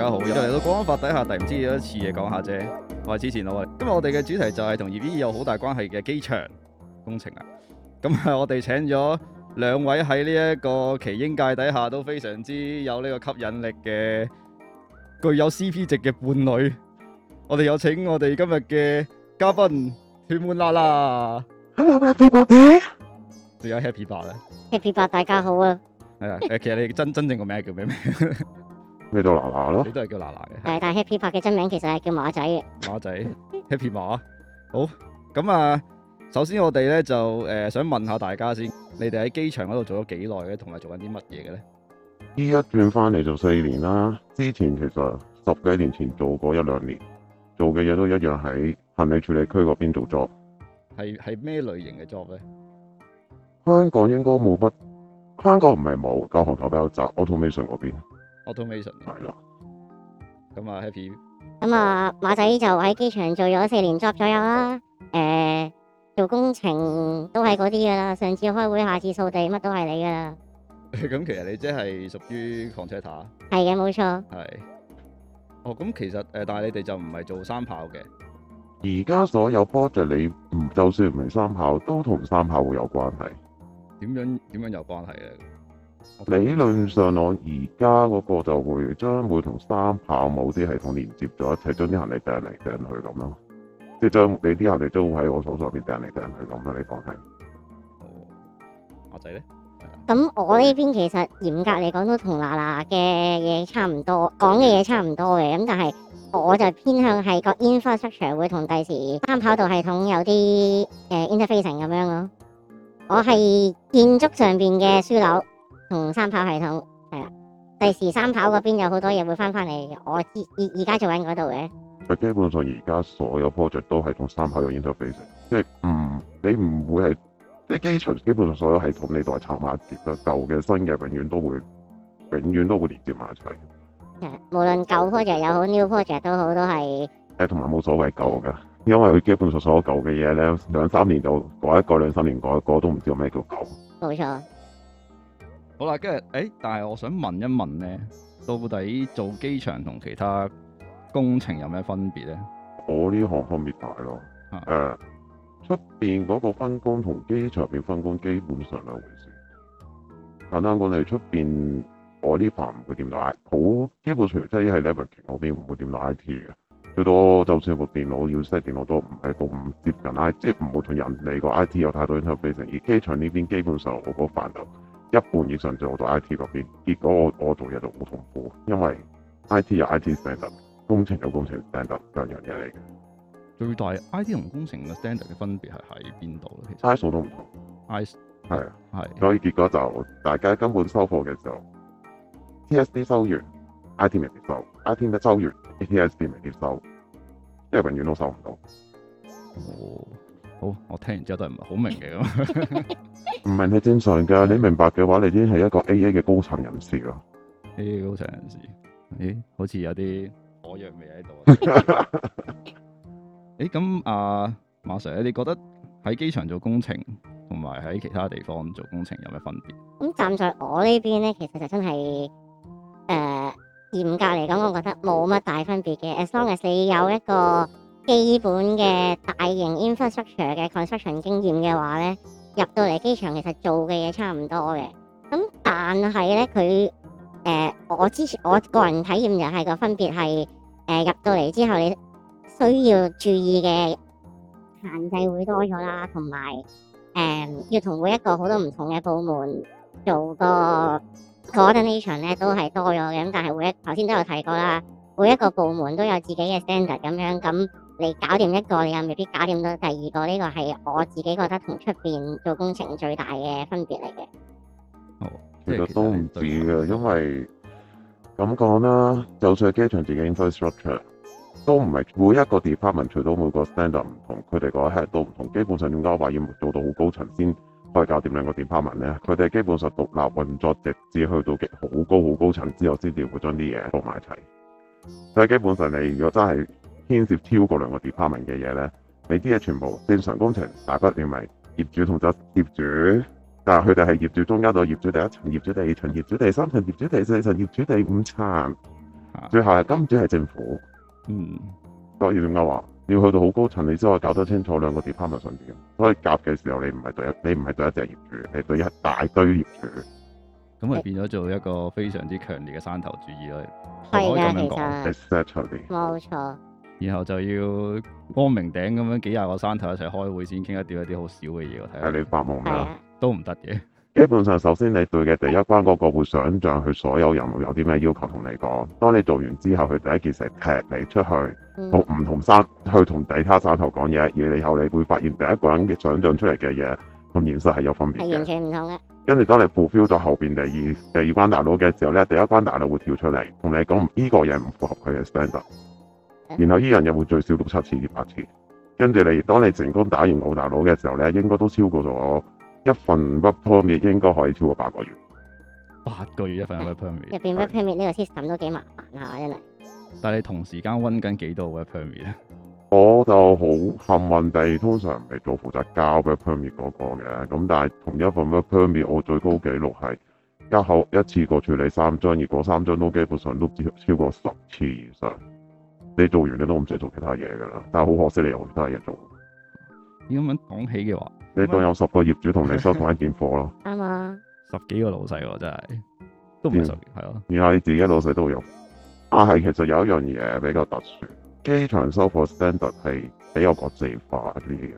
大家好，又嚟到《國安法》底下，第唔知又一次嘢講下啫。我係之前老細，今日我哋嘅主題就係同業醫有好大關係嘅機場工程啊。咁啊，我哋請咗兩位喺呢一個奇英界底下都非常之有呢個吸引力嘅，具有 CP 值嘅伴侶。我哋有請我哋今日嘅嘉賓，血滿啦啦，Happy 八，仲有,有 Happy 八咧。Happy 八，大家好啊。係啊，其實你真真正個名叫咩名？ 咩叫娜娜咯？你都係叫娜娜嘅。但係 Happy Park 嘅真名其實係叫馬仔嘅。馬仔 ，Happy 馬。好，咁啊，首先我哋咧就誒、呃、想問下大家先，你哋喺機場嗰度做咗幾耐嘅，同埋做緊啲乜嘢嘅咧？呢一轉翻嚟就四年啦，之前其實十幾年前做過一兩年，做嘅嘢都一樣喺行李處理區嗰邊做 job。係係咩類型嘅 job 咧？香港應該冇不，香港唔係冇，但係行頭比較雜，automation 嗰邊。automation 係啦，咁啊 happy。咁啊馬仔就喺機場做咗四年 job 左右啦，誒做工程都係嗰啲㗎啦。上次開會，下次掃地，乜都係你㗎啦。咁其實你即係屬於房車塔，係嘅冇錯。係。哦，咁其實誒，但係你哋就唔係做三炮嘅。而家所有 project 你唔就算唔係三炮都同三炮會有關係。點樣點樣有關係咧？Okay. 理論上我而家嗰個就會將會同三跑冇啲系統連接咗一齊，將啲行李掟嚟掟去咁咯，即係將你啲行李都喺我手上邊掟嚟掟去咁啊！你講係？阿仔咧，咁我呢邊其實嚴格嚟講都同娜娜嘅嘢差唔多，講嘅嘢差唔多嘅，咁但係我就偏向係個 infrastructure 會同第時三跑道系統有啲誒 interfacing 咁樣咯。我係建築上邊嘅樞紐。同三跑系統係啦，第時三跑嗰邊有好多嘢會翻翻嚟，我而而家做緊嗰度嘅。佢基本上而家所有 project 都係同三跑有 interfacing，即係唔、嗯、你唔會係即係機場基本上所有系統你都係插埋一截啦，舊嘅、新嘅永遠都會永遠都會連接埋齊。無論舊 project 又好 new project 都好，都係誒，同埋冇所謂舊嘅。因為佢基本上所有舊嘅嘢咧，兩三年就改一改，兩三年改一改都唔知咩叫舊。冇錯。好啦，跟住，誒、欸，但係我想問一問咧，到底做機場同其他工程有咩分別咧？我呢行分、啊欸、面大咯，誒，出邊嗰個分工同機場入邊分工基本上兩回事。簡單講嚟，出邊我呢行唔會點 i 好，基本上即一係 l e v e r a 我哋唔會點打 I T 嘅，最多就算個電腦要 set 電腦都唔係到唔接近 I，即係唔會同人哋、那個 I T 有太多呢套嘅聯繫。而機場呢邊基本上我少煩惱。一半以上就我做 I T 嗰邊，結果我我做嘢就好痛苦，因為 I T 有 I T standard，工程有工程 standard，兩樣嘢嚟嘅。最大 I T 同工程嘅 standard 嘅分別係喺邊度咧？其實差數都唔同。I 係啊，係的。所以結果就大家根本收貨嘅時候，T S D 收完，I T 未接收，I T 未收完，T S D 未接收，即係永遠都收唔到。哦好，我聽完之後都係唔係好明嘅咁，唔明係正常噶。你明白嘅話，你已經係一個 A A 嘅高層人士咯。A A 高層人士，誒，好似有啲火藥味喺度。誒，咁阿馬 sir，你覺得喺機場做工程，同埋喺其他地方做工程有咩分別？咁站在我呢邊咧，其實就真係誒，嚴格嚟講，我覺得冇乜大分別嘅。as long as 你有一個。基本嘅大型 infrastructure 嘅 construction 經驗嘅話咧，入到嚟機場其實做嘅嘢差唔多嘅。咁但係咧，佢誒、呃、我之前我個人體驗就係個分別係誒入到嚟之後，你需要注意嘅限制會多咗啦，同埋誒要同每一個好多唔同嘅部門做個 coordination 咧都係多咗嘅咁。但係每一頭先都有提過啦，每一個部門都有自己嘅 standard 咁樣咁。你搞掂一個，你又未必搞掂到第二個。呢個係我自己覺得同出邊做工程最大嘅分別嚟嘅。其實都唔止嘅，因為咁講啦，就算機場自己 infrastructure 都唔係每一個 department，除到每個 stand 唔同，佢哋個 head 都唔同。基本上，點解話要做到好高層先可以搞掂兩個 department 咧。佢哋基本上獨立運作，直至去到極好高好高層之後會，先調佢將啲嘢放埋一齊。所以基本上，你如果真係，牽涉超過兩個 department 嘅嘢咧，你啲嘢全部正常工程，大不了咪業主同咗業主，但係佢哋係業主中間咗業主第一層、業主第二層、業主第三層、業主第四層、業主第五層，最後係金主係政府。嗯，所以點解話要去到好高層，你先可以搞得清楚兩個 department 上面？所以夾嘅時候，你唔係對一，你唔係對一隻業主，係對一大堆業主。咁咪變咗做一個非常之強烈嘅山頭主義囉。係啊、exactly，其實。冇錯。然後就要光明頂咁樣幾廿個山頭一齊開會先傾一啲一啲好少嘅嘢，睇下你發夢啦，都唔得嘅。基本上，首先你對嘅第一關嗰個會想象佢所有人會有啲咩要求同你講。當你做完之後，佢第一件事踢你出去，同唔同山去同底下山頭講嘢。而你後你會發現第一個人嘅想象出嚟嘅嘢同現實係有分別，係完全唔同嘅。跟住當你負 feel 到後邊第二第二關大佬嘅時候咧，第一關大佬會跳出嚟同你講呢個嘢唔符合佢嘅 standard。然後呢、e、樣又會最少六七次至八次，跟住你當你成功打完老大佬嘅時候咧，應該都超過咗一份 work permit，應該可以超過八個月。八個月一份 work permit，入面 work permit 呢是個 system 都幾麻煩啊！一嚟，但係同時間溫緊幾多 work permit 咧？我就好幸運地，通常唔係做負責交 work permit 嗰個嘅，咁但係同一份 work permit，我最高紀錄係一口一次過處理三張，而嗰三張都基本上都超超過十次以上。你做完你都唔使做其他嘢噶啦，但係好可惜你又冇得嘢做。咁樣講起嘅話，你當有十個業主同你收同一件貨咯，啱啊，十幾個老細喎、啊、真係，都唔熟係咯。然係你自己老細都會用，但、啊、係其實有一樣嘢比較特殊，機場收貨 standard 係比較國際化啲嘅，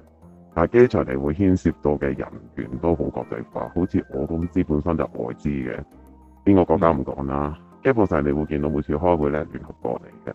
但係機場你會牽涉到嘅人員都好國際化，好似我公司本身就外資嘅，邊個國家唔講啦。嗯、基本上你會見到每次開會咧聯合國嚟嘅。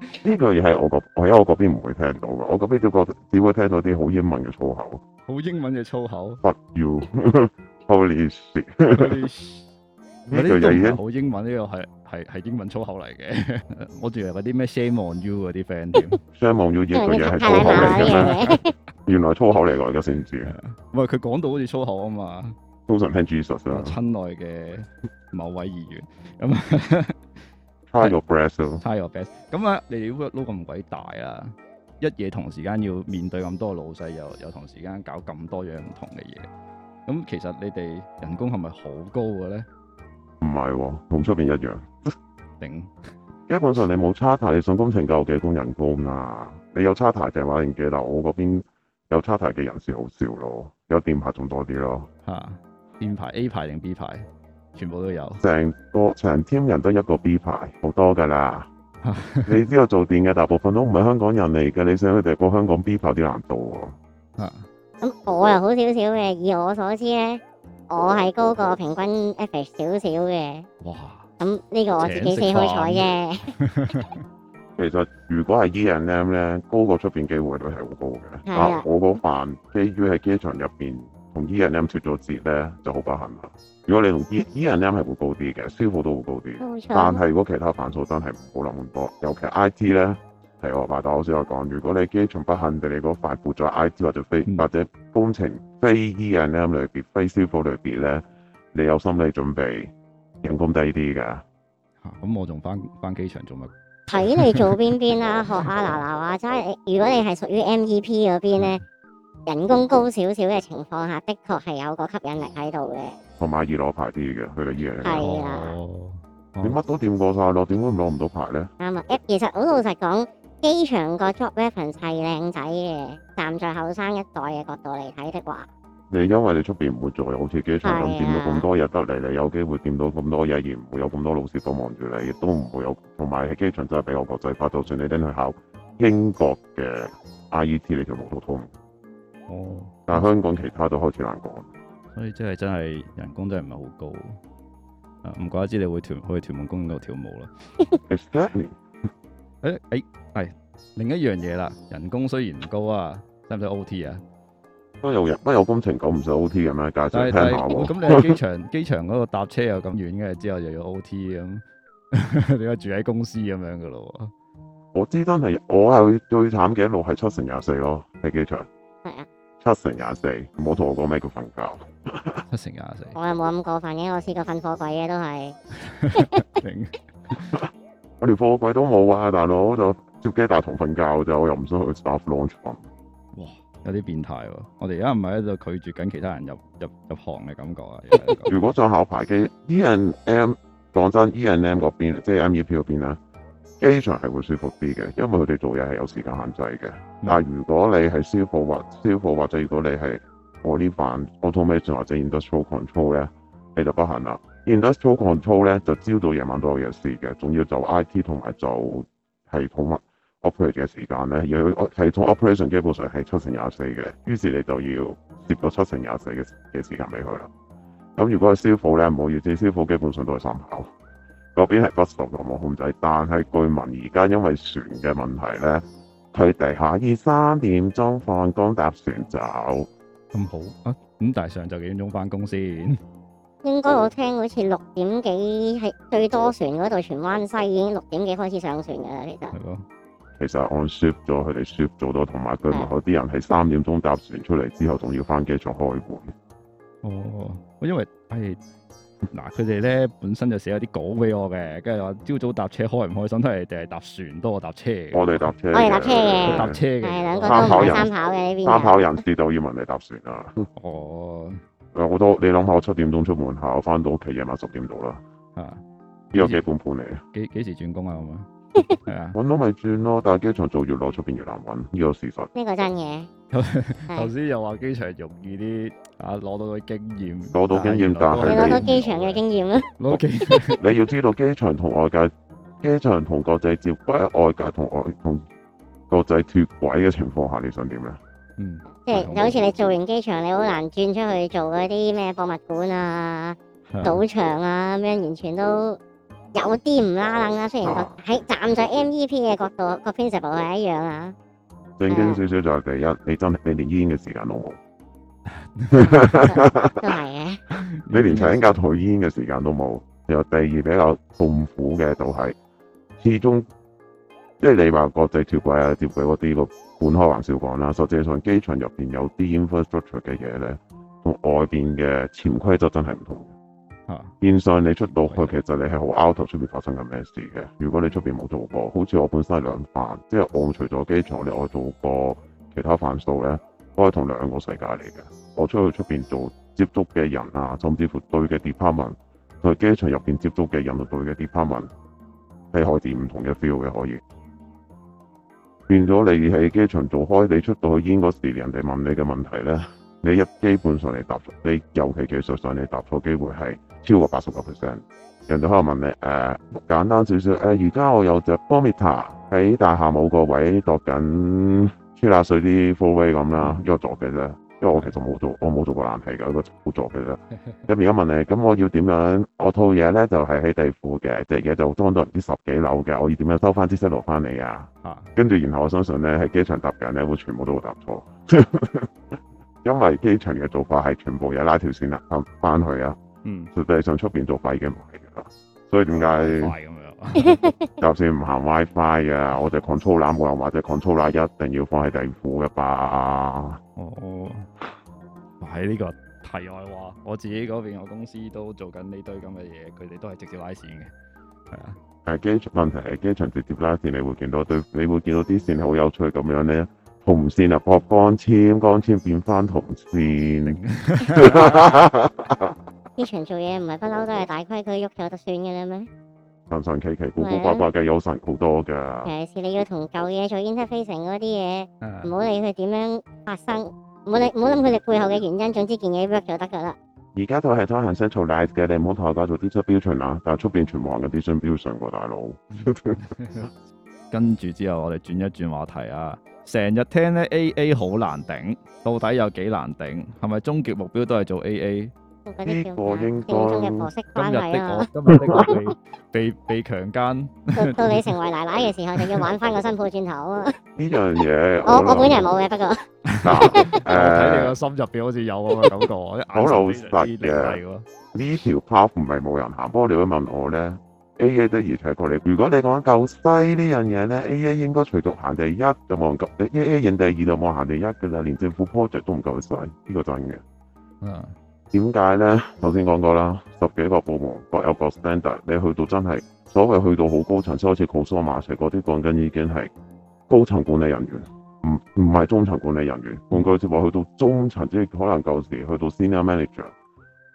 呢句嘢係我覺，我喺我嗰邊唔會聽到噶，我嗰邊只覺只會聽到啲好英文嘅粗口，好英文嘅粗口。不要，police。呢句嘢好英文，呢個係係係英文粗口嚟嘅。 我仲以為嗰啲咩 shame on you 嗰啲 friend 點，shame on you 呢句嘢係粗口嚟嘅咩？ 原來粗口嚟噶，而家先知。唔係佢講到好似粗口啊嘛。通常聽 Jesus 啊。親愛嘅某位議員咁。 差個 best 咯，差個、啊、best。咁啊，啊你哋 work load 咁鬼大啊，一夜同時間要面對咁多老細，又又同時間搞咁多樣唔同嘅嘢，咁、啊、其實你哋人工係咪好高嘅咧？唔係、哦，同出面一樣。頂， 基本上你冇差題，你上工程夠幾高人工啊，你有差題就係話你得，連記我嗰邊有差題嘅人士好少咯，有電牌仲多啲咯。吓、啊，電牌 A 牌定 B 牌？全部都有，成個成 team 人都一個 B 牌，好多噶啦。 你知道做電嘅大部分都唔係香港人嚟嘅，你想去第二個香港 B 牌有啲難度喎、啊。咁 我又好少少嘅，以我所知咧，我係高過平均 F 少少嘅。哇！咁呢個我自己死好彩啫。 其實如果係 E and M 咧，高過出邊機會率都係好高嘅。 我嗰晚基於喺機場入邊同 E and M 脫咗節咧，就好不幸啦。如果你同 E E 然 M 係會高啲嘅，消耗都會高啲，冇錯，但係如果其他範疇真係唔可能咁多，尤其 I T 咧係我阿大好我先有講，如果你機場不限定你嗰塊，附咗 I T 或者非、嗯、或者工程、非 E 然 M 類別、非消耗類別咧，你有心理準備，人工低啲噶，吓咁、啊、我仲翻翻機場做乜？睇你做邊邊啦，學阿娜娜啊，即係如果你係屬於 M V P 嗰邊咧。嗯人工高少少嘅情況下，的確係有個吸引力喺度嘅，同埋易攞牌啲嘅，去到二零零。係啊，你乜都掂過晒咯，點解攞唔到牌咧？啱啊，一其實好老實講，機場個 job reference 係靚仔嘅，站在後生一代嘅角度嚟睇的話，你因為你出面唔會做，好似機場咁掂到咁多嘢得嚟，你有機會掂到咁多嘢，而唔會有咁多老師幫忙住你，亦都唔會有。同埋喺機場真係比較國際化，就算你拎去考英國嘅 IET，你條路都通。哦，但係香港其他都開始難講，所以真係真係人工真係唔係好高。啊，唔怪得之你會跳去屯門公園度跳舞啦。誒誒、 哎，係、哎哎、另一樣嘢啦，人工雖然唔高啊，使唔使 O T 啊？都、啊、有人，都有工程講唔使 O T 嘅咩？介紹咁是、哦、你喺機場機 場嗰度搭車又咁遠嘅，之後又要 O T 咁， 你又住喺公司咁樣噶咯？我知真係，我係最慘嘅一路係七成廿四咯，喺機場。七成廿四，唔好同我講咩叫瞓覺。 七成廿四，我又冇咁過分嘅，我試過瞓貨櫃嘅都係。我條貨櫃都冇啊，大佬就接機大堂瞓覺就，我又唔想去 staff lounge 房。哇，有啲變態喎、啊！我哋而家唔係喺度拒絕緊其他人入入入行嘅感覺啊。 如果想考牌機，E&M，講真，E&M 嗰邊即係 MEP 邊啦。機場上係會舒服啲嘅，因為佢哋做嘢係有時間限制嘅。但如果你係收貨或收貨，或者如果你係我呢班 automation 或者 industrial control 咧，你就不行啦。industrial control 咧就朝早夜晚都有嘢事嘅，仲要做 IT 同埋做系統 operate 嘅時間咧，系統 operation 基本上係七成廿四嘅，於是你就要接咗七成廿四嘅嘅時間俾佢啦。咁如果係收貨咧，唔好意思，即收貨基本上都係三跑。嗰邊係不受我控制，但係居民而家因為船嘅問題咧，佢哋可以三點鐘放工搭船走咁好啊？咁但係上晝幾點鐘翻工先？應該我聽好似六點幾係最多船嗰度，荃灣西已經六點幾開始上船噶啦。其實係咯，的其實按 shift 咗佢哋 shift 做多，同埋居民有啲人喺三點鐘搭船出嚟之後，仲要翻機場開會。哦，因為係。嗱，佢哋咧本身就寫咗啲稿俾我嘅，跟住話朝早搭車開唔開心，都係定係搭船多過搭車。我哋搭車。我哋搭車嘅。搭車嘅。係兩個參考，考人。參考嘅呢邊嘅。參考人士就要問你搭船啦、啊。哦 我。嗱，我都你諗下，我七點鐘出門口，翻到屋企夜晚十點到啦。吓、啊。呢個基本盤嚟嘅。幾幾時轉工啊？咁樣？搵到咪轉咯，但係機場做越攞出邊越難搵，呢個事實。呢個真嘢。頭先 是又話機場容易啲，啊攞到啲經驗，攞原到經驗，原來 但係你攞到機場嘅經驗啦、啊。 你要知道機場同外界，機場同國際接軌，外界同外同國際脫軌嘅情況下，你想點咧？嗯，即係就好似你做完機場，你好難轉出去做嗰啲咩博物館啊、賭的場啊咁樣，完全都。有啲唔啦楞啦，雖然喺站在 M E P 嘅角度，個、啊、principle 係一樣啊。正經少少就係第一，啊、你真你連醫院嘅時間都冇、啊， 都係啊！你連請假退醫院嘅時間都冇。又 第二比較痛苦嘅就係，始終即係你話國際脱軌啊，接軌嗰啲，個半開玩笑講啦，實際上機場入邊有啲 infrastructure 嘅嘢咧，同外邊嘅潛規則真係唔同。面上你出到去，其實你係好 out 出邊發生緊咩事嘅。如果你出邊冇做過，好似我本身係兩飯，即係我除咗機場，你我做過其他範疇咧，都係同兩個世界嚟嘅。我出去出邊做接觸嘅人啊，甚至乎對嘅 department，同機場入邊接觸嘅人啊，對嘅 department，係開住唔同嘅 feel 嘅可以。變咗你喺機場做開，你出到去煙嗰時，人哋問你嘅問題咧，你一基本上你答，你尤其技術上你答錯機會係超過八十九 percent，人哋喺度問你誒、呃，簡單少少誒。而、呃、家我有隻 Bomita 喺大廈冇個位度緊吹下水啲 full way 咁啦，一、這個座嘅啫，因為我其實冇做，我冇做過難睇嘅一個好座嘅啫。咁而家問你，咁我要點樣？我套嘢咧就係、是、喺地庫嘅，隻嘢就裝到唔知，十幾樓嘅，我要點樣收翻支 set 落翻你啊？ 跟住然後我相信咧，喺機場搭嘅咧會全部都會搭錯， 因為機場嘅做法係全部有拉條線啦，翻去啊。嗯、實際上出邊做廢嘅唔係嘅喇，所以點解？就算唔行 WiFi 嘅，我哋 control 啊，或者 control 啊，一定要放喺地庫噶吧？哦，喺呢個題外話，我自己嗰邊個公司都做緊呢堆咁嘅嘢，佢哋都係直接拉線嘅，係啊。誒，機場問題係機場直接拉線，你會見到對，你會見到啲線好有趣咁樣咧，銅線啊，破光纖，光纖變翻銅線。 呢場做嘢唔係不嬲，都係大規矩喐就得算嘅啦咩？神神奇奇、古古怪怪嘅有神好多噶。平時你要同舊嘢做 interface 成嗰啲嘢，唔好理佢點樣發生，唔好理唔好諗佢哋背後嘅原因。總之件嘢 work 就得噶啦。而家套係拖行式做 light 嘅，你唔好太介做啲出標準啦。但係出邊全部人嘅標準標準喎，大佬。跟住之後，我哋轉一轉話題啊。成日聽咧，A A 好難頂，到底有幾難頂？係咪終極目標都係做 A A？呢個應該係婆媳關係啊，今日被被被強姦。到到你成為奶奶嘅時候，就要玩翻個新抱轉頭啊！呢樣嘢我我本人係冇嘅，不過我睇你個心入邊好似有啊個感覺啊！好老實嘅呢條 path 唔係無人行，不過你會問我咧，A A 的而且確嚟。如果你講夠犀呢樣嘢咧，A A 應該隨獨行第一就冇人及。A A 人第二就冇人行第一噶啦，連政府 project 都唔夠佢犀呢個真嘅。啊！點解咧？頭先講過啦，十幾個部門各有各 standard。你去到真係所謂去到好高層，先開始告疏埋齊嗰啲，講緊已經係高層管理人員，唔唔係中層管理人員。換句說話，去到中層，即係可能舊時去到 senior manager，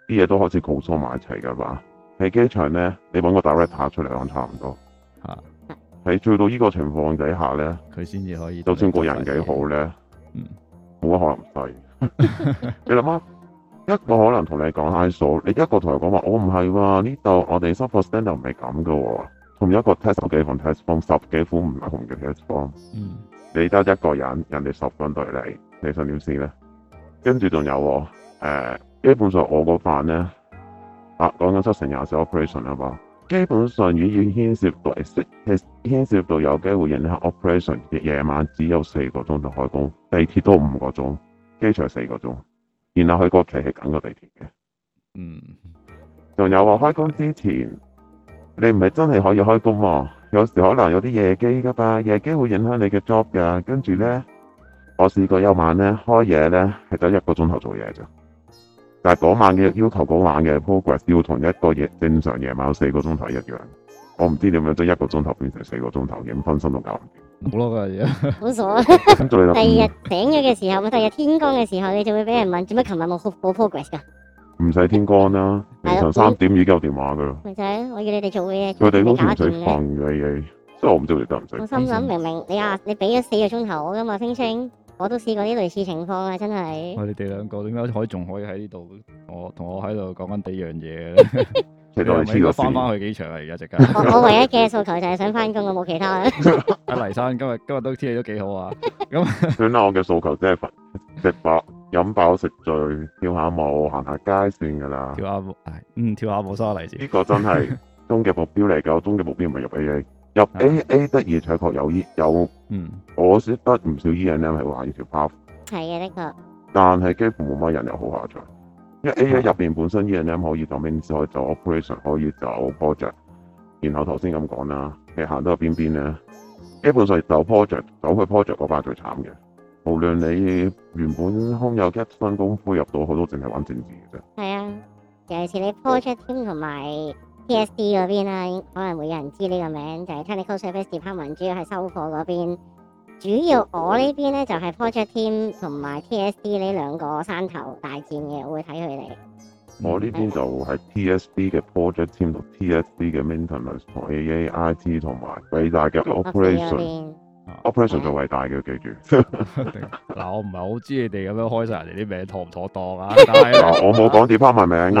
啲嘢都開始 c a 告疏埋齊噶嘛。喺機場咧，你搵個 director 出嚟，講差唔多。吓、啊，喺最到呢個情況底下咧，佢先至可以。就算個人幾好咧，冇乜、嗯、可能唔係。 你諗下、啊。一個可能同你講 ISO，你一個同佢講話我唔係喎，呢度我哋 supplementary 唔係咁噶，同一個 test 有幾款 test form，十幾款唔同嘅 test form，嗯、你得一個人，人哋十分對你，你想點先咧？跟住仲有，誒、呃，基本上我嗰班咧，啊，講緊七成廿四 operation 啦嘛，基本上已經牽涉到，牽涉到有機會影響 operation。夜晚只有四個鐘就開工，地鐵都五個鐘，機場四個鐘。然後去過是個期係等地鐵嘅，嗯，仲有話，開工之前，你唔係真係可以開工啊、哦，有時可能有啲夜機噶吧，夜機會影響你嘅 job，跟住呢，我試過有晚呢開夜呢係得一個鐘頭做嘢咋，但係嗰晚嘅要求，嗰晚嘅 progress 要同一個夜正常夜晚四個鐘頭一樣。我唔知點樣將一個鐘頭變成四個鐘頭，影分身，冇咯嗰啲嘢，好傻 。第二日醒咗嘅時候，我第二日天光嘅時候，你就會俾人問，做乜？琴日冇冇 progress 噶？唔使天光啦，凌晨三點已經有電話噶啦。咪仔、 嗯，我叫你哋做嘅嘢，佢哋都唔使瞓嘅嘢，即係我唔做我唔使。我心諗明明你啊，你俾咗四個鐘頭噶嘛，聽清？我都試過啲類似情況啊，真係。喂， 你哋兩個點解可以仲可以喺呢度？我同我喺度講緊第二樣嘢。 你都翻翻去機場啊？而家直間我唯一嘅訴求就係想翻工，我冇 其他啊。阿 黎生今日今日都天氣都幾好啊！咁，算啦，我嘅訴求真係食飽、飲飽、食醉、跳下舞、行下街算噶啦。跳下舞，嗯，跳下舞。所有黎字。呢個真係終極目標嚟噶。我終極目標唔係入 A A，入 A A 得嘢，的確有依有。有嗯，我識得唔少醫人咧，係玩小炮。係、這、啊、個，的確。但係幾乎冇乜人有好下場。因為 A A 入邊本身啲人咧，可以做 main，可以做 operation，可以做 project，然後頭先咁講啦，你行到去邊邊咧，基本上係 project，走去 project 嗰班最慘嘅。無論你原本空有一身功夫入到去，都淨係玩政治嘅啫。係啊，尤其是你 project team 同埋 T S D 嗰邊啦，可能會有人知呢個名，就係 technical service department，主要係收貨嗰邊。主要我呢邊咧就係、是、Project Team 同埋 TSD 呢兩個山頭大戰嘅，我會睇佢哋。我呢邊就係 TSD 嘅 Project Team 同 TSD 嘅 Maintenance 同 A A I T 同埋偉大嘅 Operation。Okay, operation 就偉大嘅對記住。嗱 我唔係好知你哋咁樣開晒人哋啲名妥唔妥當啊？但係 我冇講跌翻埋名噶。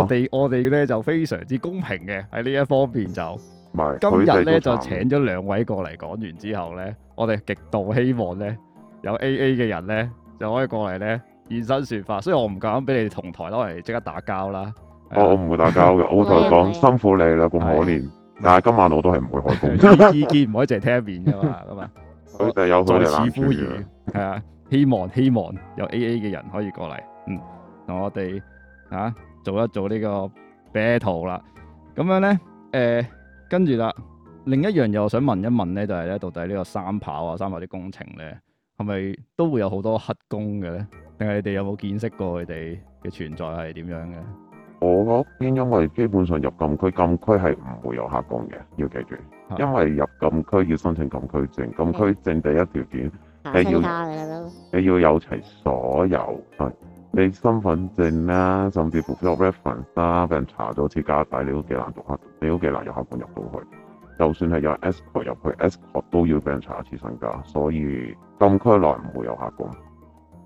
我哋我哋咧就非常之公平嘅喺呢一方面就。今日咧就請咗兩位過嚟講完之後咧，我哋極度希望咧有 A A 嘅人咧就可以過嚟咧現身說法，所以我唔敢俾你同台攞嚟即刻打交啦、哦。我我唔會打交嘅， 我同佢講辛苦你啦，咁可憐。但係今晚我都係唔會開波。意見唔可以淨係聽一面噶嘛，咁啊。再次呼籲，係卻啊，希望希望有 A A 嘅人可以過嚟，嗯，同我哋吓、啊，做一做個呢個 battle 啦。咁樣咧，誒。跟住啦，另一樣又想問一問咧，就係咧，到底呢個三跑啊、三跑啲工程咧，係咪都會有好多黑工嘅咧？定係你哋有冇見識過佢哋嘅存在係點樣嘅？我嗰邊因為基本上入禁區，禁區係唔會有黑工嘅。要記住，啊、因為入禁區要申請禁區證，禁區證第一條件係的要、啊、你要有齊所有係。你身份證啦、啊，甚至乎做 reference 啦、啊，俾人查咗次家底，你都幾難讀客，你都幾難有客官入到去。就算係有 S 殼入去，S 殼都要俾人查一次身家，所以禁區內唔會有客官。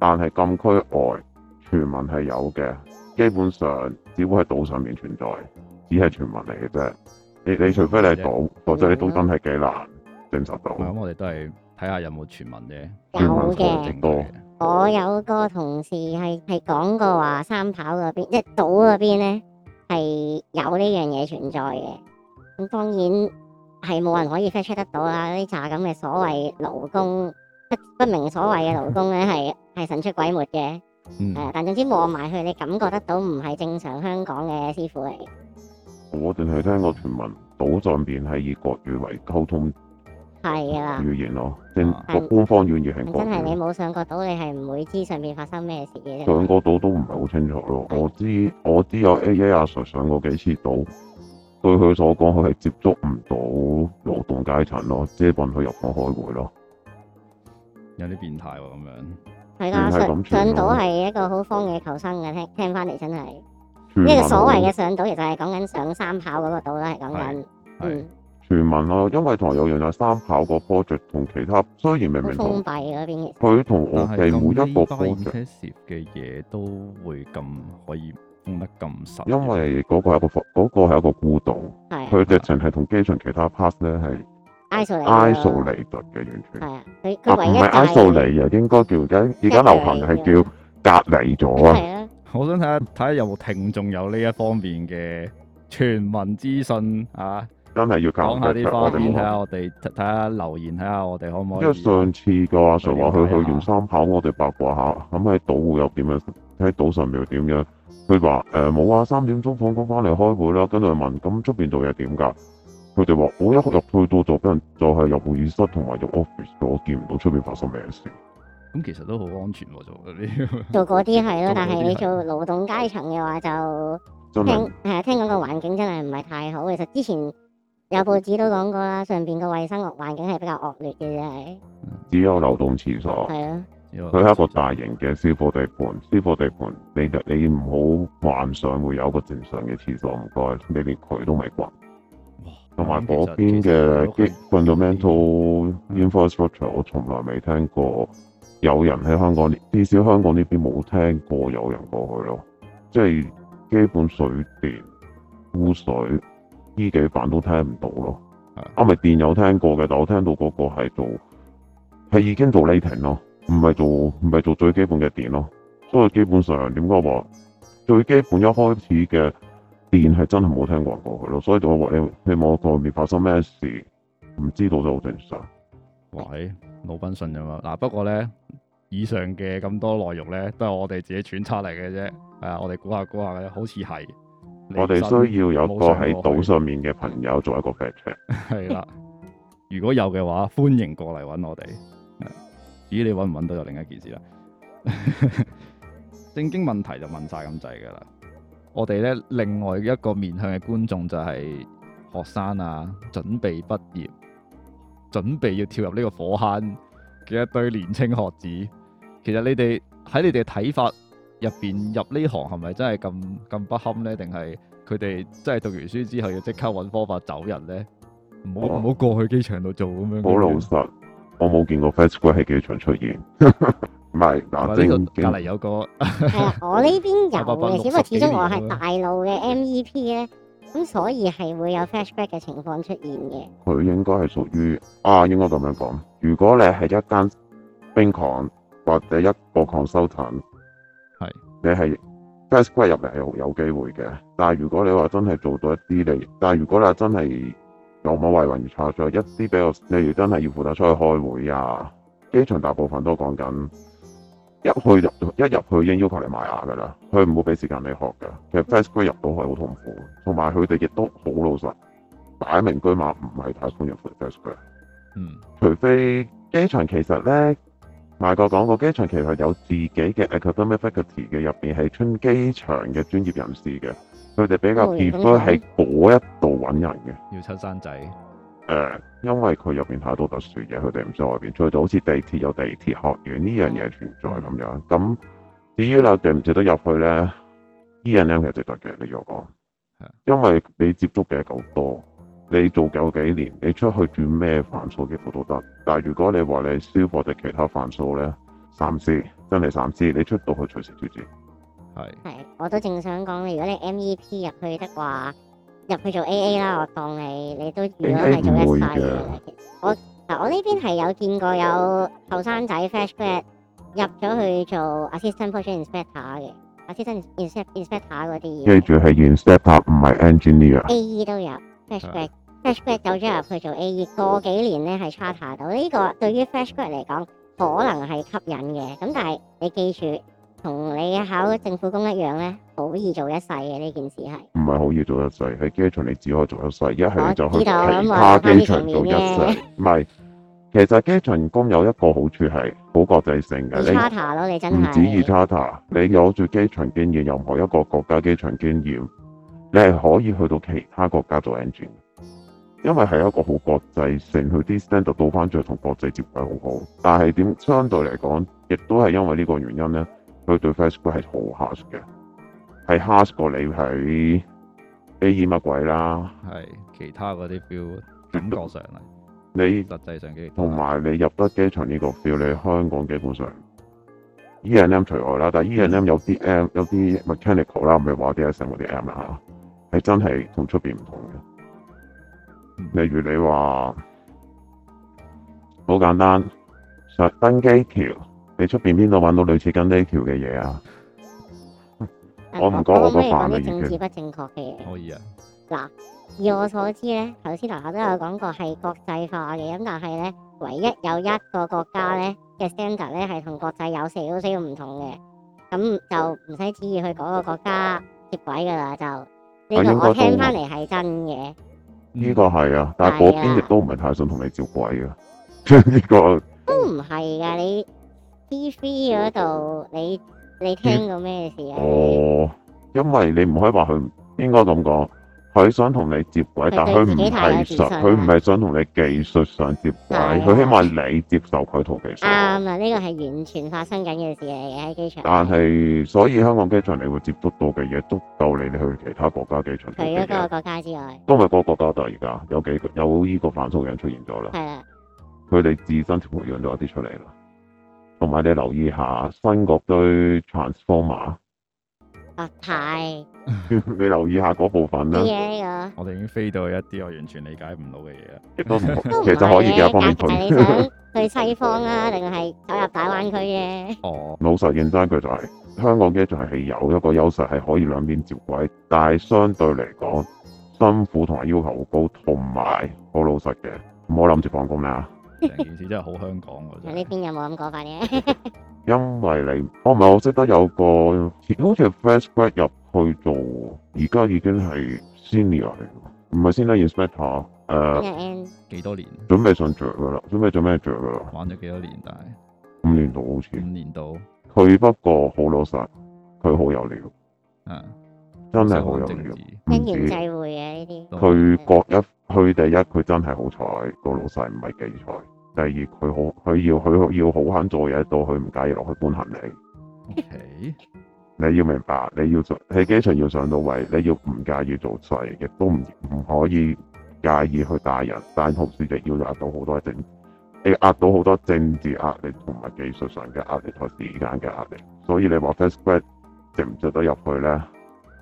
但係禁區外傳聞係有嘅，基本上只會喺島上面存在，只係傳聞嚟嘅啫。你你除非你係島，啊、或者你都真係幾難證實到。咁、嗯，我哋都係。睇下有冇傳聞啫，有嘅。我有個同事係係講過話，三跑嗰邊，即係島嗰邊咧，係有呢樣嘢存在嘅。咁當然係冇人可以 fetch 得到啦。呢扎咁嘅所謂勞工，不，不明所謂嘅勞工咧，係係神出鬼沒嘅。係啊、嗯，但總之望埋去，你感覺得到唔係正常香港嘅師傅嚟。我淨係聽過傳聞，島上邊係以國語為溝通。係啊，啦，語言咯，正、啊、官方語言係我。真係你冇上過島，你係唔會知上面發生咩事嘅。上過島都唔係好清楚咯，的我知我知有 AA 阿 Sir 上過幾次島，的對佢所講，佢係接觸唔到勞動階層咯，即係幫佢入房開會咯。有啲變態喎、哦，咁樣。係噶的，上上島係一個好荒野求生嘅聽，聽翻嚟真係。呢的個所謂嘅上島，其實係講緊上三跑嗰個島啦，係講緊嗯。傳聞啊，因為同我一樣有三跑個 project 同其他，雖然明明封閉佢同、啊、我哋是每一個 project 嘅嘢都會咁可以封得咁實，因為嗰個係一個、那個係一個孤島，佢直情係同機場其他 pass 咧係 isolated 嘅，ol 的完全係、那個、啊，佢唔係 isolated，應該叫而而家流行係叫隔離咗啊。我想睇下睇下有冇聽眾有呢一方面嘅傳聞資訊啊。真係要搞下啲方面，睇下我哋睇下留言，睇下我哋可唔可以。因為上次個阿 Sir 話佢去完三跑，看看我哋八卦下，咁喺島又點樣？喺島上又點樣？佢話誒冇啊，三點鐘放工翻嚟開會啦。跟住問咁出邊做嘢點噶？佢哋話我一入去到就俾人就係、是、入會議室同埋入 office，我見唔到出邊發生咩事。咁其實都好安全做、啊、啲。做嗰啲係咯，但係你做勞動階層嘅話就是聽誒、啊，聽講個環境真係唔係太好。其實之前。有報紙都講過啦，上邊個衛生惡環境係比較惡劣嘅，真係只有流動廁所，係啊了，佢係一個大型嘅消防地盤，消防地盤你你唔好幻想會有個正常嘅廁所，唔該，你連佢都未慣。同埋嗰邊嘅 Fundamental Infrastructure，我從來未聽過有人喺香港，至少香港呢邊冇聽過有人過去咯，即係基本水電污水。呢幾版都聽唔到咯，啱咪的電有聽過嘅，但我聽到個個係做係已經做 lay 停咯，唔係做唔係做最基本嘅電咯，所以基本上點解話最基本一開始嘅電係真係冇聽過過去咯，所以就話你你望外面發生咩事唔知道就好正常。喂，魯賓遜咁啊，嗱不過咧，以上嘅咁多內容咧都係我哋自己揣測嚟嘅啫，係、啊、我哋估下估下嘅，好似係。我哋需要有個喺島上面嘅朋友做一個 pitch，係啦，如果有嘅話，歡迎過嚟揾我哋。至於你揾唔揾到，就另一件事啦。 正經問題就問晒咁滯噶啦。我哋咧另外一個面向嘅觀眾就係學生啊，準備畢業，準備要跳入呢個火坑嘅一堆年青學子。其實你哋喺你哋嘅睇法。入邊入呢行係咪真係咁咁不堪咧？定係佢哋真係讀完書之後要即刻揾方法走人咧？唔好唔好過去機場度做咁樣。好老實，樣我冇見過 Flashback 喺機場出現，唔係嗱，正隔籬有個係啊。我呢邊有嘅， 只不過始終我係大路嘅 M E P 咧，咁所以係會有 Flashback 嘅情況出現嘅。佢應該係屬於啊，應該咁樣講。如果你係一間冰礦或者一個 consultant。你係 fast grey 入嚟係有有機會嘅，但係如果你話真係做到一啲你，但係如果你話真係有冇為民差咗，一啲比較，例如真係要負責出去開會啊，機場大部分都講緊入去入一入去已經要求你買牙㗎啦，佢唔會俾時間你學㗎。其實 fast grey 入到去好痛苦，同埋佢哋亦都好老實，擺明車馬唔係太歡迎入 fast grey。嗯，除非機場其實咧。賣、那個講到機場其實有自己嘅，Academic Faculty 嘅，入邊係春機場嘅專業人士嘅，佢哋比較 prefer 喺嗰一度揾人嘅。要出生仔。誒、嗯，因為佢入邊太多特殊嘢，佢哋唔使外邊，再到好似地鐵有地鐵學院呢、嗯、樣嘢存在咁樣。咁至於你哋唔值得入去咧，呢樣其實值得嘅，你要講。因為你接觸嘅夠多。你做夠幾年，你出去轉咩範疇，幾乎都得。但係如果你話你消防定其他範疇咧，三思真係三思，你出到去隨時係係，我都正想講你，如果你 M E P 入去嘅話，入去做 A A 啦，我當你你都 AA 如果係做一派嘅。我嗱，我呢邊係有見過有後生仔 fresh grad 入咗去做 assistant project inspector assistant inspector 嘅，assistant inspector 嗰啲，記住係 inspector 唔係 engineer，A E 都有。Fresh Grad 走咗入去做 A E，過幾年咧係 charter 到呢個，對於 Fresh Grad 嚟講，可能係吸引嘅。咁但係你記住，同你考政府工一樣咧，好易做一世嘅呢件事係。唔係好易做一世，喺機場你只可以做一世，一去就去其他機場做一世。唔係，其實機場工有一個好處係好國際性嘅咯， 你，你真係唔止二 charter 你攞住機場經驗，任何一個國家機場經驗。你係可以去到其他國家做 engine，因為係一個好國際性，佢啲 standard 倒翻轉，同國際接軌好好。但係點相對嚟講，亦都係因為呢個原因咧，佢對 facade 係好 hard 嘅，係 hard 過你喺 A E 乜鬼啦，係其他嗰啲 feel，感覺上嚟。你實際上嘅，同埋你入得機場呢個 feel，你香港基本上 E&M 除外啦，但係 E&M 有啲 M、嗯、有啲 mechanical 啦，唔係話啲 design 嗰啲 yeah M 啦吓。真係同出邊唔同嘅，例如你話好簡單，滑登機橋，你出邊邊度玩到類似緊呢條嘅嘢啊？啊我唔講，我個犯政治不正確嘅嘢。可以啊。嗱，以我所知咧，頭先樓下都有講過係國際化嘅，咁但係咧，唯一有一個國家咧嘅 standard 咧係同國際有少少唔同嘅，咁就唔使旨意去嗰個國家接軌噶啦，就。你同我聽翻嚟係真嘅，呢、呢個係啊，但係嗰邊亦都唔係太想同你接軌嘅，即係呢個都唔係噶。你 B C 嗰度，你你聽過咩事啊？哦，因為你唔可以話佢應該咁講。佢想同你接軌，但佢唔係實，佢唔係想同你技術上接軌，佢的起碼你接受佢同技術。啱啦，呢個係完全發生緊嘅事嚟嘅，喺機場。但係所以香港機場你會接觸到嘅嘢足夠你哋去其他國家機場。除咗一個國家之外，都唔係一個國家，但而家有幾個有呢個反作用出現咗啦。嗯的。佢哋自身培養咗一啲出嚟啦，同埋你留意一下新國對 Transformer 啊太！ 你留意下嗰部分啦。啊，這個，我哋已經飛到一啲我完全理解唔到嘅嘢啦。 其實就可以嘅，方面去。你想去西方啊，定係 走入大灣區嘅？哦， 老實認真佢就係香港嘅，就係係有一個優勢係可以兩邊接軌，但係相對嚟講辛苦同埋要求好高，同埋好老實嘅。唔好諗住放工啦。成 件事真係好香港喎！你呢邊有冇咁講法嘅？ 因為你、哦、我唔係我識得有個，好似 fresh grad 入去做，而家已經係 senior 嚟唔係先 inspector 誒，幾多年？準備上着噶啦，準備做咩着噶啦？玩咗幾多年但係？五年度好似。五年度。佢不過好老實，佢好有料，啊，真係好有料，因緣際會嘅呢啲。佢各一。 佢第一，佢真係好彩個老細唔係記財，第二佢好，佢要佢要好肯做嘢到佢唔介意落去搬行李。O Okay . K，你要明白，你要做你機場要上到位，你要唔介意做細，亦都唔唔可以介意去打人，但同時亦要壓到好多政，要壓到好多政治壓力同埋技術上嘅壓力同時間嘅壓力。所以你話 f a s t b a r k 值唔值得入去咧？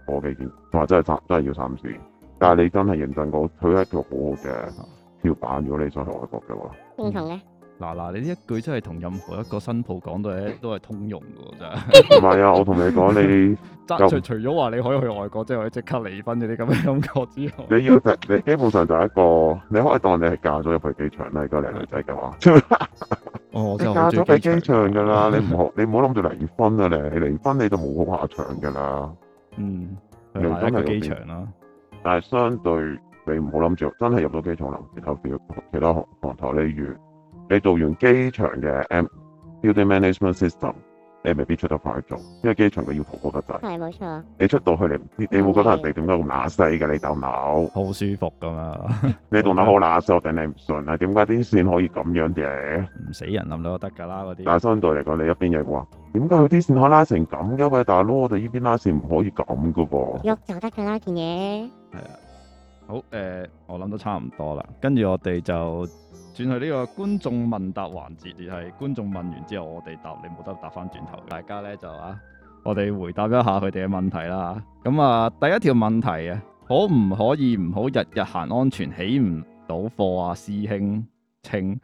我幾點話真係真係要三思。但係你真係認真我佢一個好好嘅，跳板。如果你想去外國嘅話，認同咧嗱嗱，你呢一句真係同任何一個新抱講到咧都係通用嘅，真係唔係啊！我同你講，你 除咗話又你可以去外國，即係可以即刻離婚嗰啲咁嘅感覺之後，你要你基本上就係一個，你可以當你係嫁咗入去機場啦，個靚女仔嘅話， 哦，我的你嫁咗俾機場嘅啦，嗯，你唔好你唔好諗住離婚啊，你離婚你就冇好下場嘅啦。嗯，離婚係機場啦。啊但係相對，你唔好諗住，真係入到機場啦，然投票，其他行頭，例如你做完機場嘅 M building management system。你未必出得快去做，因為機場佢要服務得滯。係錯，冇錯。你出到去你，你你會覺得人哋點解咁乸細嘅？你棟樓好舒服噶嘛？ 你棟樓好乸細，我頂你唔順啊！點解啲線可以咁樣嘅？唔死人諗到都得噶啦嗰啲。但係相對嚟講，你一邊又話，點解佢啲線可以拉成咁嘅？但大佬，我哋呢邊拉線唔可以咁噶噃。喐就得噶啦，件嘢。係啊，好誒，我諗都差唔多啦，跟住我哋就。轉去呢個觀眾問答環節，而係觀眾問完之後，我哋答，你冇得答翻轉頭。大家咧就啊，我哋回答一下佢哋嘅問題啦。咁啊，第一條問題啊，可唔可以唔好日日行安全，起唔到貨啊？師兄，請，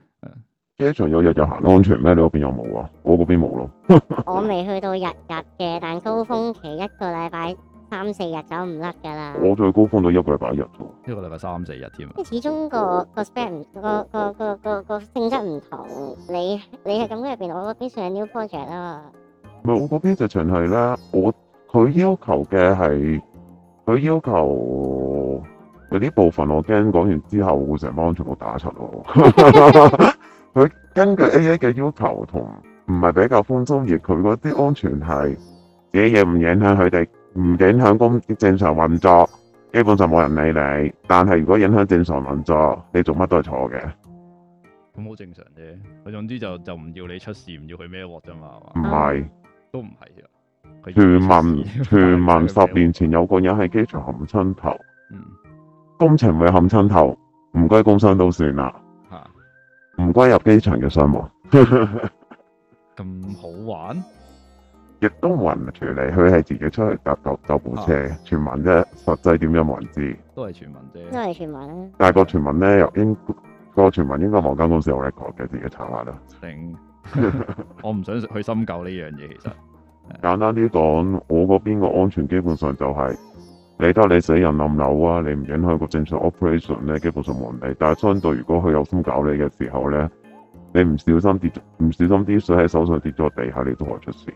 機場有日日行安全咩？你嗰邊有冇啊？我嗰邊冇咯。 我未去到日日嘅，但高峰期一個禮拜。三四日走唔甩噶啦，我最高峰到一個禮拜一日，一個禮拜三四日添啊！即係始終個個 spec 唔，個個個個個性質唔同，你你係咁嘅入邊，我嗰邊算係 new project 啊嘛。唔係我個 project 長係咧，我佢要求嘅係佢要求嗰啲部分，我驚講完之後會成幫全部打柒。佢根據 AA 嘅要求同唔係比較寬鬆，而佢嗰啲安全係，自己嘢唔影響佢哋。唔影響工的正常運作，基本上冇人理你。但係如果影響正常運作，你做乜都係錯嘅。咁好正常啫，佢總之就就唔要你出事，唔要去孭鑊啫嘛，係唔係？都唔係啊。全民全民十年前有個人喺機場冚親頭，嗯、工程會冚親頭，唔歸工傷都算啦，吓，唔歸入機場嘅傷亡。咁好玩？亦都冇人嚟處理，佢係自己出去搭搭搭部車。傳聞啫，實際點樣冇人知，都係傳聞啫，都係傳聞。但係個傳聞咧又應個傳聞應該冇間公司有 record 嘅，自己查下啦。我唔想去深究呢樣嘢，其實簡單啲講，我嗰邊個安全基本上就係你得你死人冧樓啊，你唔影響個正常 operation 咧，基本上冇人理。但係相對，如果佢有心搞你嘅時候咧，你唔小心跌唔小心啲水喺手上跌咗地下，你都可能出事。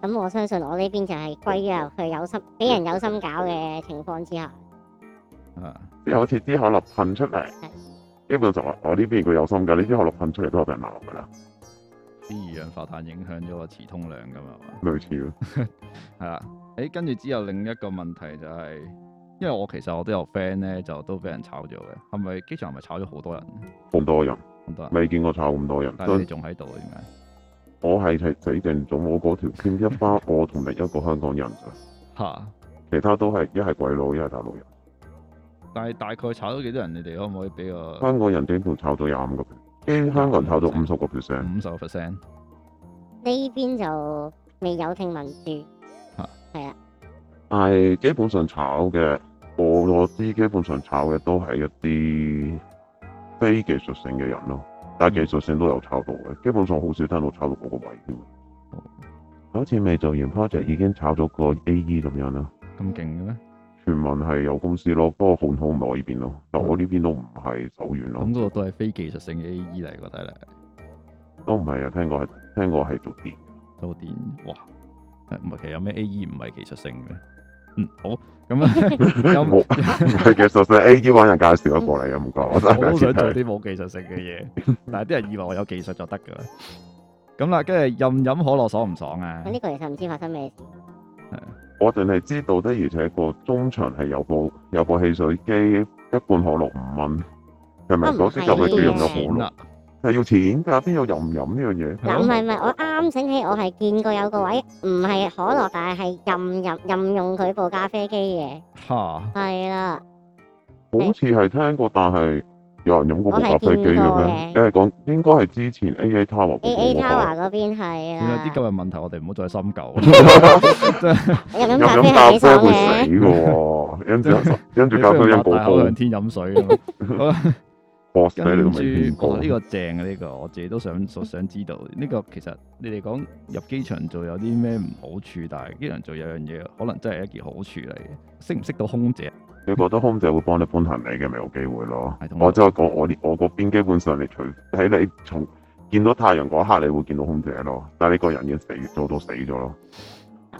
咁我相信我呢邊就係歸啊，佢有心俾人有心搞嘅情況之下，啊，又好似啲可樂噴出嚟，啊、基本上話我呢邊佢有心噶，呢啲可樂噴出嚟都係俾人鬧噶啦。啲二氧化碳影響咗個磁通量噶嘛，類似咯，係啦 誒、欸，跟住之後另一個問題就係、是，因為我其實我都有 friend 咧，就都俾人炒咗嘅，係咪機場係咪炒咗好多人？咁多人，未見過炒咁多人，但係你仲喺度點解？以我係係死定祖母嗰條圈一班，我同另一個香港人咋？吓， 其他都係一係鬼佬，一係大陸人。但係大概炒咗幾多人？你哋可唔可以俾我？香港人基同炒到廿五個 percent 香港人炒到五十個 percent，五十個 percent。呢邊就未有聽聞住，係啊。但係基本上炒嘅，我我知基本上炒嘅都係一啲非技術性嘅人咯。大技術性都有炒到嘅，基本上好少聽到炒到嗰個位嘅。好似 o j e c t 已經炒咗個 A E 咁樣啦。咁勁嘅咩？全民係有公司咯，不過好唔好唔係我呢邊咯。但、嗯、我呢邊都唔係走遠咯。咁、嗯那個都係非技術性嘅 A E 嚟，覺得咧？都唔係啊，聽過係聽過係做電。做電，哇！唔係其實有咩 A E 唔係技術性嘅？嗯、好，咁啊，有冇技術性？A. D. 揾人介紹咗過嚟有冇講，我都想做啲冇技術性嘅嘢， 但係啲人以為我有技術就得噶啦。咁啦，跟住任飲可樂爽唔爽啊？咁呢、啊這個其實唔知發生咩事。我淨係知道的，而且個中場係有部有部汽水機，一罐可樂五蚊，係咪所識就去佢用咗可樂？係要錢噶，邊有任飲呢樣嘢？嗱，唔係唔係，我啱啱醒起，我係見過有個位唔係可樂，但係係任飲任用佢部咖啡機嘅。吓，係啦。好似係聽過，但係有人飲過部咖啡機咁樣？即係講，應該係之前 A A 湯華 A A 湯華嗰邊係啦。啲咁嘅問題我哋唔好再深究。飲咖啡會死嘅，跟住跟住咖啡飲到口向天飲水。跟住呢、哦呢個正嘅呢、呢個，我自己都想想想知道呢、呢個其實你哋講入機場做有啲咩唔好處，但係機場做有一樣嘢可能真係一件好處嚟，識唔識到空姐？你覺得空姐會幫你搬行李嘅咪有機會咯？ 我即係講我我嗰邊基本上除喺你，你從見到太陽嗰一刻，你會見到空姐咯。但係你個人已經死咗，做到死咗咯。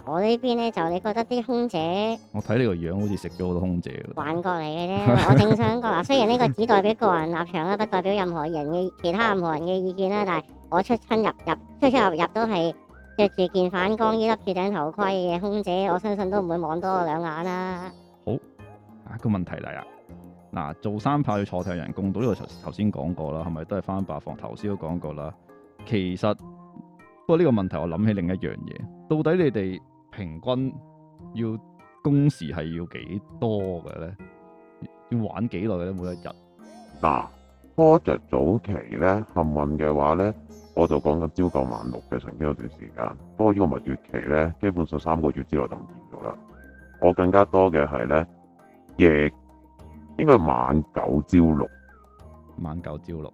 我邊呢邊咧就你覺得啲空姐，我睇你個樣好似食咗好多空姐玩過嚟嘅啫。我正想講，嗱， 雖然呢個只代表個人立場啦，不代表任何人嘅其他任何人嘅意見啦，但係我出親入入出出入入都係着住件反光衣拎住頂頭盔嘅空姐，我相信都唔會望多我兩眼啦。好，下、啊、一個問題嚟啦，嗱、啊，做三跑要坐艇人工島呢個頭先講過啦，係咪都係翻八房頭先都講過啦？其實不過呢個問題我諗起另一樣嘢，到底你哋平均要工時係要幾多嘅咧？要玩幾耐咧？每一日嗱，project 早期咧幸運嘅話咧，我就講緊朝九晚六嘅，曾經有段時間。不過呢個蜜月期咧，基本上三個月之內就唔見咗啦。我更加多嘅係咧，夜應該晚九朝六，晚九朝六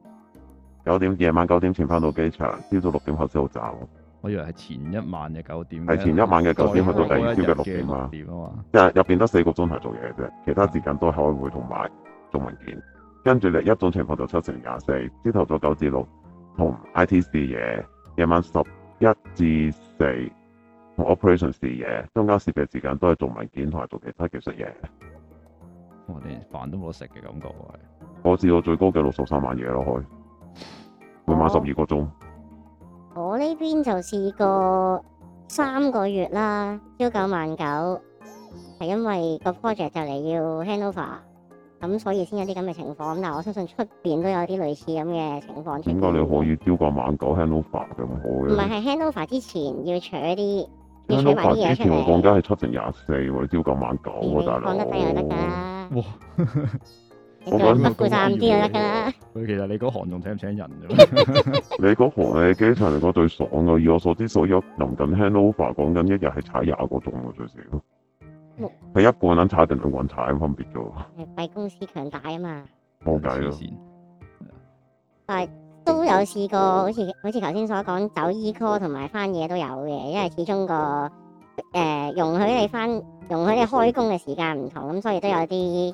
九點夜晚九點前翻到機場，朝早六點後先好走。我以為係前一晚嘅九點，係前一晚嘅九點去到第二朝嘅六點啊嘛。即係入邊得四個鐘頭做嘢啫，的其他時間都係開會同埋做文件。跟住另一種情況就七成廿四，朝頭早九至六同 IT 試嘢，夜晚十一至四同 operation 試嘢。中間試嘅時間都係做文件同埋做其他技術嘢。我連飯都冇食嘅感覺，我係我試過最高嘅六十三萬嘢落去，每晚十二個鐘。啊。我呢邊就試過三個月啦，朝九晚九，係因為個 project 就嚟要 handover，咁所以先有啲咁嘅情況。但係我相信出邊都有啲類似咁嘅情況出現。點解你可以朝九晚九 handover 咁好嘅？唔係係 handover 之前要除一啲 ano 要除埋嘢出嚟。handover 之前我講緊係七成廿四喎，你朝九晚九喎大佬哥。降得低又得噶。哇 我搵個高啲就得噶啦。佢其實你嗰行仲請唔請人啫？ 你嗰行你機場嚟講最爽嘅，以我所知所有臨緊 handover 講緊一日係踩廿個鐘嘅最少。佢一個人踩定兩個人踩嘅分別咗。係貴公司強大啊嘛。冇計啊先。但係都有試過，好似好似頭先所講，走 E call 同埋翻嘢都有嘅，因為始終個誒、呃、容許你翻容許你開工嘅時間唔同，咁所以都有啲。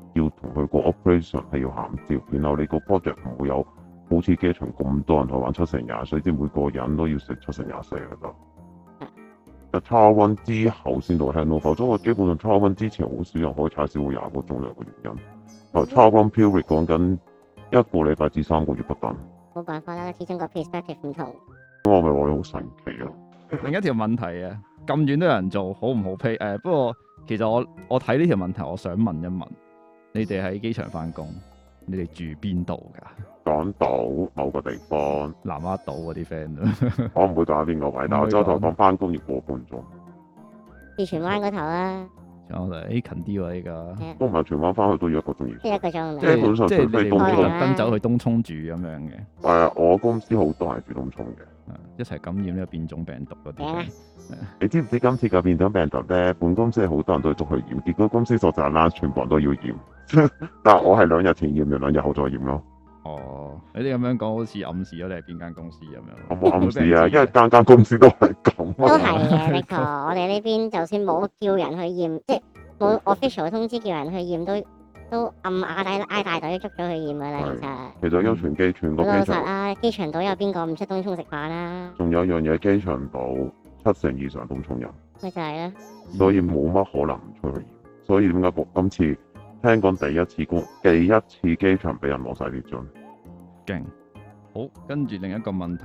要同佢個 operation 係要銜接，然後你個 project 唔會有好似機場咁多人去玩七成廿歲，即係每個人都要食七成廿歲噶。 就差 One 之後先到 handle，否則我基本上差 One 之前好少人可以踩少過廿個鐘，兩個原因。入差 One period 講緊一個禮拜至三個月不等，冇辦法啦，始終個 perspective 唔同。咁我咪話你好神奇咯。另一條問題啊，咁遠都有人做，好唔好 pay 誒、呃，不過其實我我睇呢條問題，我想問一問。你哋喺機場翻工，你哋住邊度噶？港島某個地方，南丫島嗰啲 friend 咯。我唔會住喺邊個位。但我周頭講翻工要過半鐘，去荃灣嗰頭啦。我哋近啲喎依家，都唔係荃灣翻去都要一個鐘要。一個鐘，即係基本上即係你哋可以跟走去東涌住咁樣嘅。係我公司好多係住東涌嘅，一齊感染呢個變種病毒嗰啲。你知唔知今次嘅變咗病毒咧，本公司好多人都要捉去驗，結果公司所賺啦，全部人都要驗。 但係我係兩日前驗完，兩日後再驗咯。哦，你哋咁樣講好似暗示咗你係邊間公司咁樣。我冇暗示啊， 因為間間公司都係咁、啊。都係嘅，呢個，我哋呢邊就算冇叫人去驗， 即係冇 official 通知叫人去驗，都都暗啞底拉大隊捉咗去驗噶啦。是其實其、嗯、實休、啊、場機、啊，全部機場都實啦。機場度有邊個唔出東涌食飯啦？仲有樣嘢，機場度。七成以上咁重人，咪就係啦。所以冇乜可能唔出去。所以點解今次香港第一次公第一次機場俾人攞晒啲樽，勁好。跟住另一個問題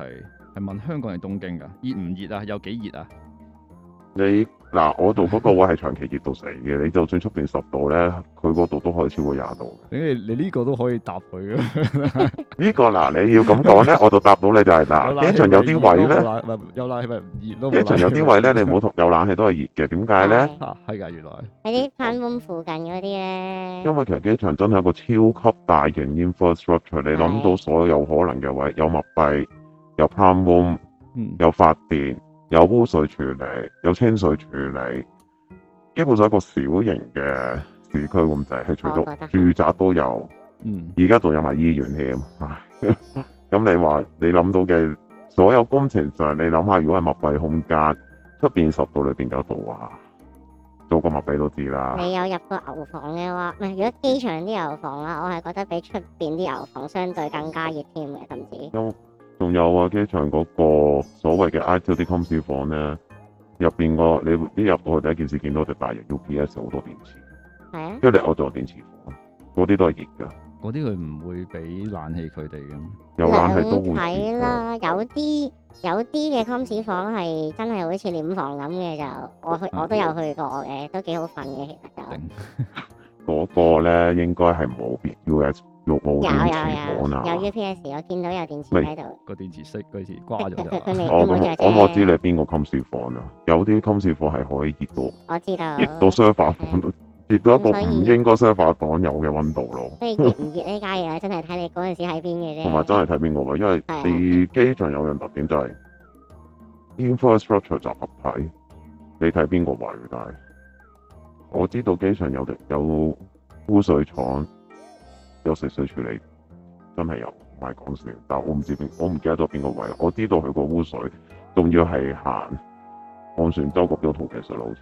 係問香港係東京噶熱唔熱啊？有幾熱啊？你嗱，我度嗰個位係長期熱到死嘅，你就算出邊十度咧，佢個度都可以超過廿度。你你呢個都可以答佢嘅。呢個嗱，你要咁講咧，我就答到你就係嗱，機場有啲位咧，唔係有冷氣咪唔熱咯。機場有啲位咧，你唔好同有冷氣都係熱嘅，點解咧？啊，係噶原來喺啲 plant room 附近嗰啲咧。因為其實機場真係一個超級大型 infrastructure，你諗到所有可能嘅位，有密閉，有 plant room，嗯，有發電。有污水處理，有清水處理，基本上一個小型嘅市區咁滯，我唔知係除咗住宅都有，嗯，而家仲有埋醫院添，咁、嗯、 你話說 Okay. 你諗到嘅所有工程上，你諗下如果係密閉空間，出邊十度裏邊幾度啊？做過密閉都知啦。你有入過牛房嘅話，唔係如果機場啲牛房啦，我係覺得比出邊啲牛房相對更加熱添嘅，甚至。嗯仲有啊，機場嗰個所謂嘅 I2 嘅 coms 房咧，入邊個你一入到去，第一件事見到對大型 UPS 好多電池，係啊，因為我做電池房，嗰啲都係熱噶，嗰啲佢唔會俾冷氣佢哋嘅，有冷氣都係、嗯、啦，有啲有啲嘅 coms 房係真係好似殮房咁嘅，就我去我都有去過嘅，都幾好瞓嘅其實、嗯、就，嗰 個咧應該係冇 BUPS。有有有，有有 UPS 我見到有電池喺度，個電池熄嗰時掛咗，有有有有，我知你係邊個溫室房，有有啲溫室房係可以熱到，我知道熱到 server 房都熱到一個唔應該 server 房有嘅溫度咯。熱唔熱呢家嘢真係睇你嗰陣時喺邊嘅啫。同埋真係睇邊個嘅，因為你機場有樣特點就係 infrastructure 集合體，你睇邊個壞最大。我知道機場有有污水廠。有廢水處理，真係有，唔係講笑。但係我唔知邊，我唔記得咗邊個位。我知道佢個污水，仲要係行。我船洲嗰張圖其實好似，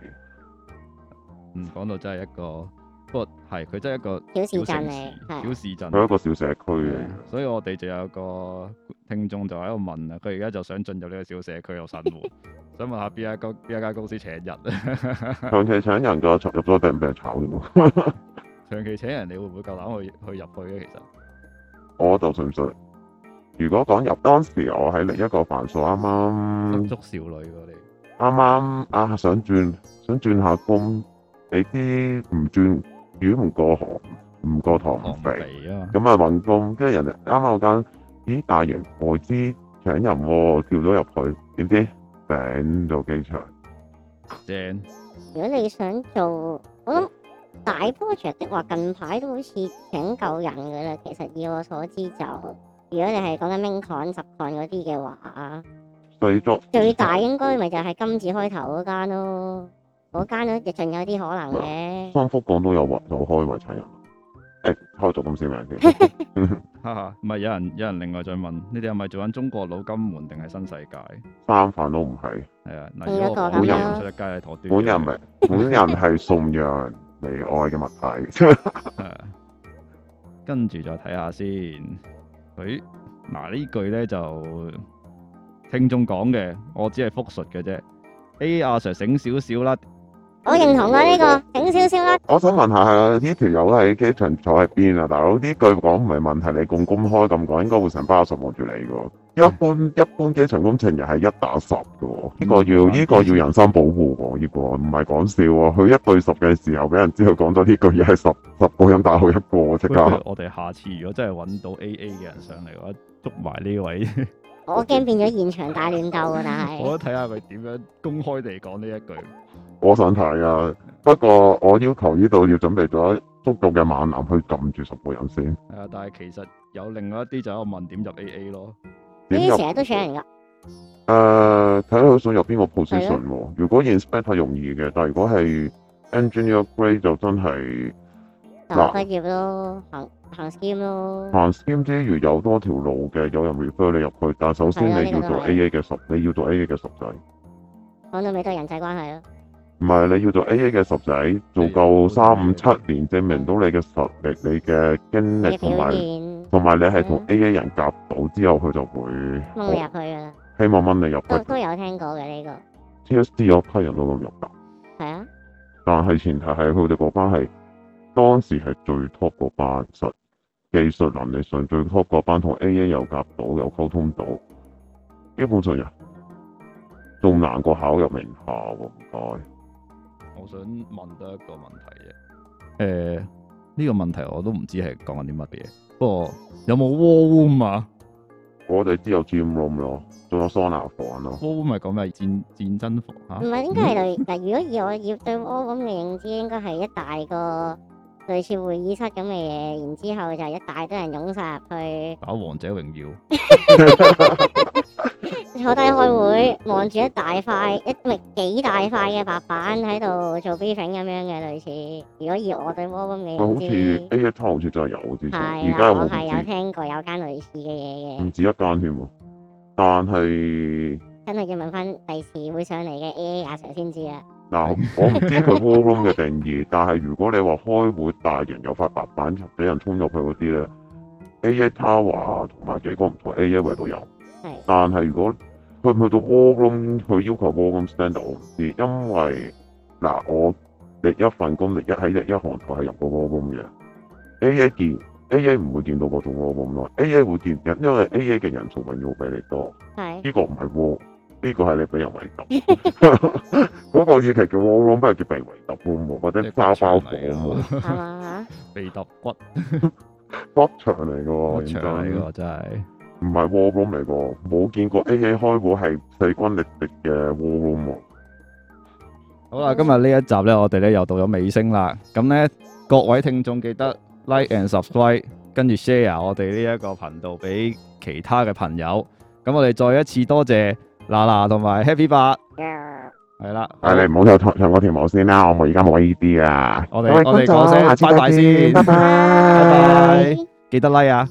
嗯，講到真係一個，不過係佢真係一個小市鎮小市鎮，佢的一個小社區。的所以我哋就有個聽眾就喺度問啦，佢而家就想進入呢個小社區度生活， 想問下邊一間邊一間公司請人？ 長期請人就入咗人畀人炒啫 長期請人你會唔會夠膽去去入去咧？其實我就純粹，如果講入當時我喺另一個飯所啱啱，十 剛足少女嗰啲，啱啱啊想轉想轉下工，你知唔轉魚唔過河，唔過塘肥,肥啊！咁啊，運工跟住人哋啱啱間咦，大型外資請人，跳咗入去，點知轉做機場正？如果你想做，我、嗯、諗。大 project 的話，近排都好似請救人嘅啦。其實以我所知就，就如果你係講緊 main con、十 con 嗰啲嘅話，製作最大應該咪就係金字開頭嗰間咯。嗰間咧亦仲有啲可能嘅。三福廣都有運有開運財人，誒開咗咁少萬啲。名 哈哈，唔係有人有人另外再問，你哋係咪做緊中國老金門定係新世界？三飯都唔係。係啊，嗱，我本人出妥啲。本人咪本、啊、人係送洋。 離愛嘅物體， 啊、跟住再睇下先。佢、哎、嗱、啊、呢句咧，就聽眾講嘅，我只係複述嘅啫。A 阿 Sir 醒少少啦，我認同啊、這、呢個醒少少啦。我想問下呢條友喺機場坐喺邊啊？大佬呢句講唔係問題，係你咁公開咁講，應該會成班阿叔望住你噶。一般一般機場工程又係一打十噶，呢、這個要呢、嗯、個要人身保護喎，呢、這個唔係講笑啊！佢一對十嘅時候俾人知佢講咗呢句嘢係十十個人打佢一個，我即刻。我哋下次如果真係揾到 A A 嘅人上嚟嘅話，捉埋呢位。我驚變咗現場打亂鬥啊！但係我睇下佢點樣公開地講呢一句。我想睇啊，不過我要求呢度要準備咗足夠嘅猛男去撳住十個人先。啊，但係其實有另外一啲就係問點入 A A 咯。成日都請人入，誒，睇佢想入邊個 position 喎。了如果 inspect 太容易嘅，但係如果係 engineer grade 就真係啱畢業咯喊，行 skin 行 skim 咯。行 skim 之餘有多條路嘅，有人 refer 你入去，但係首先你要做 AA 嘅十，你要做 AA 嘅十仔。講到尾都係人際關係咯。唔係，你要做 AA 嘅十仔，做夠三五七年，證明到你嘅實力、你嘅經歷同埋。同埋你係同 A A 人夾到之後，佢就會掹、啊、我你入去噶啦。希望掹你入去。都有聽過嘅呢、這個。T S D 有批人努力入讀。係啊。但係前提係佢哋個班係當時係最 top 個班，實技術能力上最 top 個班 AA 夾，同 A A 又夾到又溝通到，基本上啊仲難過考入名校喎、啊，唔該。我想問多一個問題嘅。誒、呃，呢、這個問題我都唔知係講緊啲乜嘢。不過有冇 war room？啊我哋知有 gym room 咯，仲有桑拿房咯。war room 咪講咩，戰戰爭房吓？唔、啊、係應該係類。 如果以我以對 war room 嘅認知，應該係一大個類似會議室咁嘅嘢，然之後就一大堆人湧晒入去打王者榮耀。 坐低開會，望住一大塊一咪幾大塊嘅白板喺度做 briefing 咁樣嘅，類似。如果以我對 war room 嘅，好似 A A Tower 好似就係有嘅，而家我係有聽過有間類似嘅嘢嘅。唔止一間添喎，但係真係要問翻第時會上嚟嘅 A A 阿 sir 先知啦。嗱、嗯，我唔知佢 war room 嘅定義， 但係如果你話開會大型有塊白板俾人衝入去嗰啲咧，A A Tower 同埋幾個唔同 A A 位都有。但係如果去唔去到 war room，去要求 war room standard，我唔知，因為嗱我第一份工力一喺一一行，佢係入過 war room 嘅，A A 見 A A 唔會見到嗰種 war room 咯，A A 會見因為 A A 嘅人數運用比你多，係呢的個唔係 war，呢個係你俾人圍揼。嗰個議期叫 war room，不如叫被圍揼窩，或者包包房喎，係嘛？被揼骨驟 骨場嚟嘅喎，我場嚟嘅真係。唔係 War Room 嚟噃，冇見過 A A 開會係勢均力敵嘅 War Room。好啦，今日呢一集咧，我哋咧又到咗尾聲啦。咁咧，各位聽眾記得 Like and Subscribe，跟住 Share 我哋呢一個頻道俾其他嘅朋友。咁我哋再一次多謝娜娜同埋 Happy 八。係啦，誒你唔好再唱唱嗰條毛先啦，我我而家冇依啲啊。我哋我哋講聲拜拜先，拜拜，記得 Like 啊！